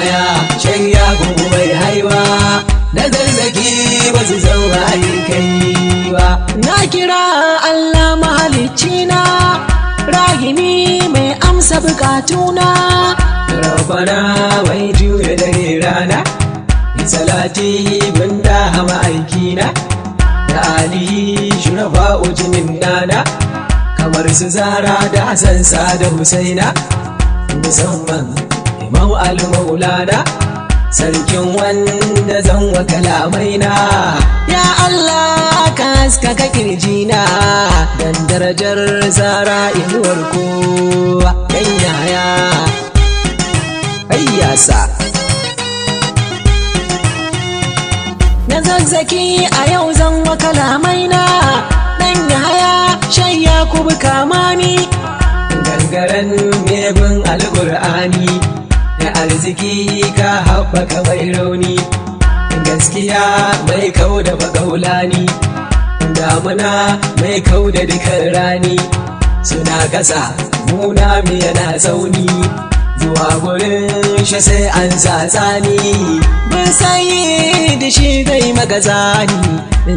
yahaya shan kuma bai haiwa na zazzaki ba su zauna kai ba na kira allah mahalicci na rahimi mai amsa bukatuna rabana wai juya dare rana salati banda a ma'aikina da ali shurafa ujinin nana kamar su zara da hassan da husaina musamman mau al-maulana sarkin wanda zan wa kalamaina ya Allah ka haskaka na, dan darajar zara inuwar kowa dan yaya ayyasa na zazzaki a yau zan wa kalamaina dan yaya shan yakubu kamani gangaren mebin alkur'ani arziki ka haɓaka mai rauni gaskiya mai kau da bagaulani damuna mai kau da dukan rani suna ƙasa muna yana tsauni zuwa gurin shi sai an tsatsani ban sayi da shi zai magazani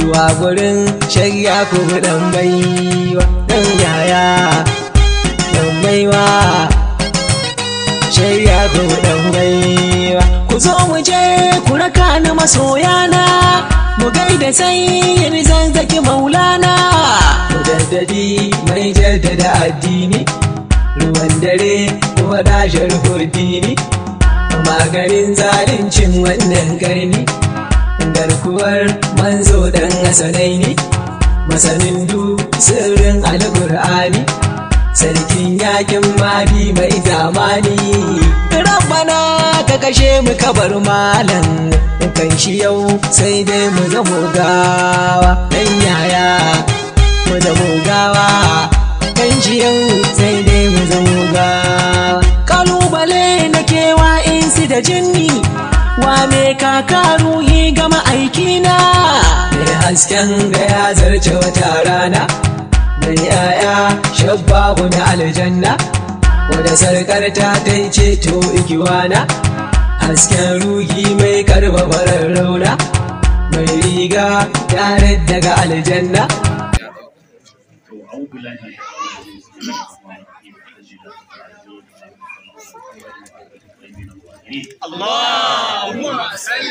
zuwa gurin shari'a ko dan baiwa dan yaya dan baiwa zuciya ko dan baiwa ku zo mu je ku raka ni masoyana mu gaida sai ni zanzaki maulana ku daddadi mai jaddada addini ruwan dare kuma dashin kurdini maganin zalincin wannan karni garkuwar manzo dan asalai ne masanin du sirrin alkur'ani sarkin yakin mabi mai zamani rabbana ka kashe mu kabar malam kan shi yau sai dai mu zamo gawa dan yaya mu zamo gawa kan shi yau sai dai mu zamo gawa kalubale na kewa insi da jinni wane kaka ruhi gama aikina mai hasken ga ya zarce wata rana mai yaya shabbabu na aljanna wadda sarkar ta tai ceto na? hasken rugi mai farar rauna mai riga tare daga aljanna اللهم صل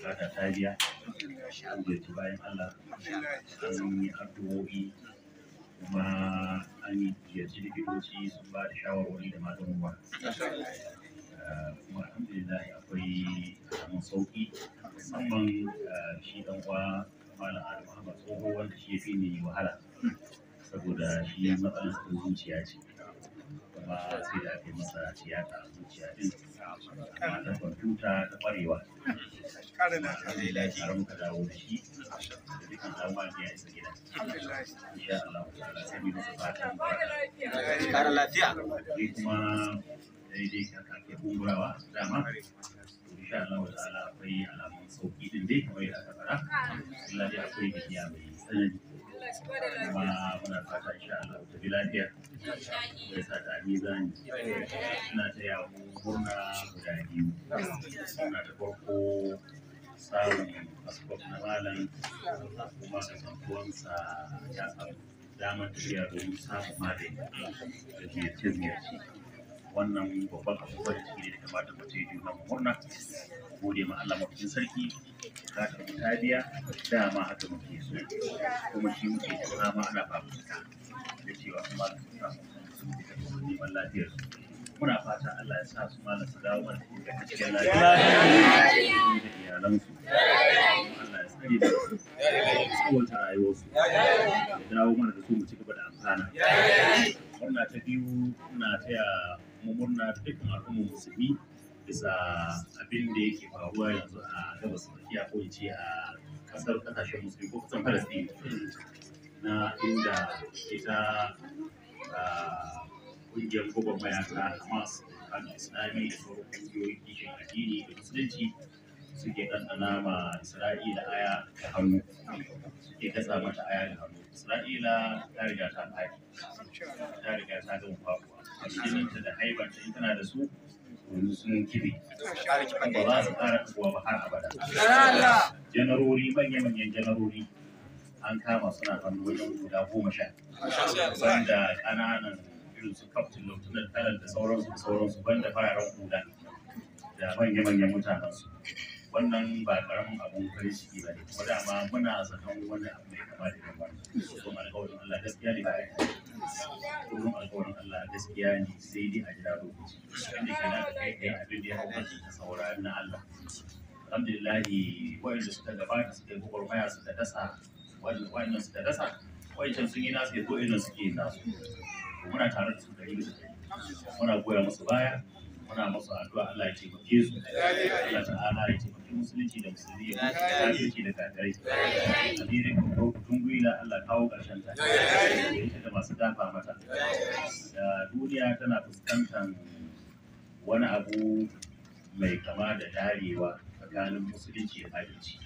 bukata ta biya an gaji bayan Allah an yi addu'o'i kuma an yi ziyarci likitoci sun ba da shawarwari da magunguna eh, kuma alhamdulillah akwai samun sauki musamman eh, shi dan uwa malam Adam Ahmad tsoho wanda shi ya fi ne wahala saboda shi matsalar zuciya ce kuma sai da ake masa tiyata a zuciya din amma ta kwamfuta ta kwarewa kare lafiya muka dawo da shi da duk isa ta'ala kuma daidai ka kake kumburawa dama insha Allah ta'ala akwai alamun sauki din dai kamar yadda aka fara illa dai akwai bidiya mai tsanani kuma muna fata insha lafiyar. ta ji lafiya zai sa ta mizani suna guda biyu suna ta farko samun fasfot na malam kuma kasantuwansa ya samu damar tafiya domin samun magani da ziyarce-ziyarce wannan babban abubuwan da ke da kamata mace yi juna murna gode ma Allah mafikin sarki za ka ta biya dama haka muke so kuma shi muke ta ma ana fafuta da cewa kuma da neman lafiyar muna fata Allah ya sa su malam su dawo mana da cikin lafiya da iyalansu Allah ya tsare da su tsawonta rayuwarsu ya dawo mana da su mu ci gaba da amfana murna ta biyu muna taya mu murna dukkan al'ummar musulmi bisa abin da yake faruwa yanzu a gabas tsakiya ko ce a kasar kasashen musulmi ko kusan falastini na inda ita kungiyar kogon mayaka hamas kan islami da sauran kungiyoyin kishin addini da musulunci suke ɗanɗana ma isra'ila aya da hannu suke gasa mata aya da hannu isra'ila ta riga ta ta riga ta gama faruwa a cikin da ta tana da su yanzu sun kibe ba za su ba har abada janarori manya-manyan janarori an kama suna hannu wajen guda goma sha banda ƙananan irin su kaftin lautunan talar da sauransu da sauransu banda fararen guda da manya-manyan mutanen su wannan ba karamin abun farin ciki ba ne kuma dama muna zaton wani abu mai kama da yawa kuma alƙawarin Allah gaskiya ne ba domin alkawarin Allah gaskiya ne sai dai a da na suka gabata suka yi suka dasa wa'inda suka dasa sun yi nasu ya zo irin suke nasu muna tare da su gari da muna goya musu baya muna masu addu'a Allah ya taimake su Allah ta'ala ya taimake musulunci da musulmi ya taimake da kafirai kabirin ko tungwila Allah kawo karshen ta ita da masu dafa mata da duniya tana fuskantar wani abu mai kama da darewa tsakanin musulunci da kafirci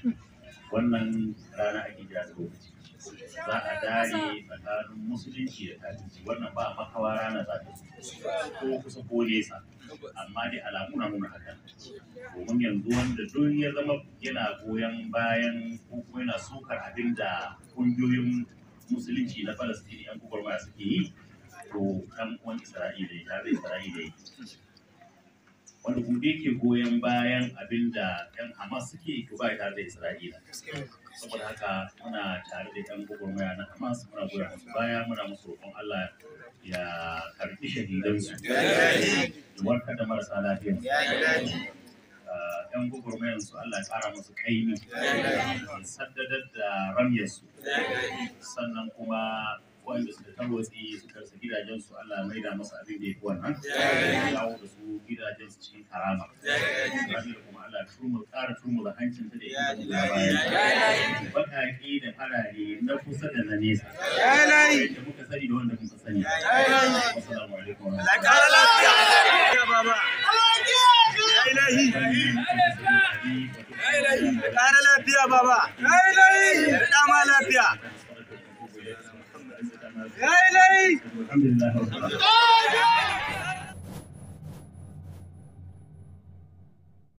wannan rana ake jira da lokaci za a dare tsakanin musulunci da kafirci wannan ba makawa rana za ta ko kusa ko nesa amma dai alamu na nuna haka domin yanzu wanda duk ya zama yana goyon bayan ko kuma yana sokar abin da kungiyoyin musulunci na falastini yan gwagwarmaya suke yi to kan uwan isra'ila ya zai isra'ila Wani gobe ke goyon bayan abin da yan hamas suke ko ba tare da isra'ila saboda haka muna tare da yan gwagwarmaya na hamas muna goyon musu baya muna musu roƙon allah ya karɓi shahidansu da warka da marasa lafiya ah, yan gwagwarmayan su Allah ya ƙara musu kaimi saddadar da ramyar sannan kuma wanda suka tarwatsi suka rasa gidajen su Allah mai da masa abin da ya fi wannan ya dawo da su gidajen su cikin karama ranar kuma Allah turmul ƙara turmula hancin ta da ya ji labari baƙaƙe da farare na kusa da na nesa da muka sani da wanda muka sani assalamu lafiya alhamdulillah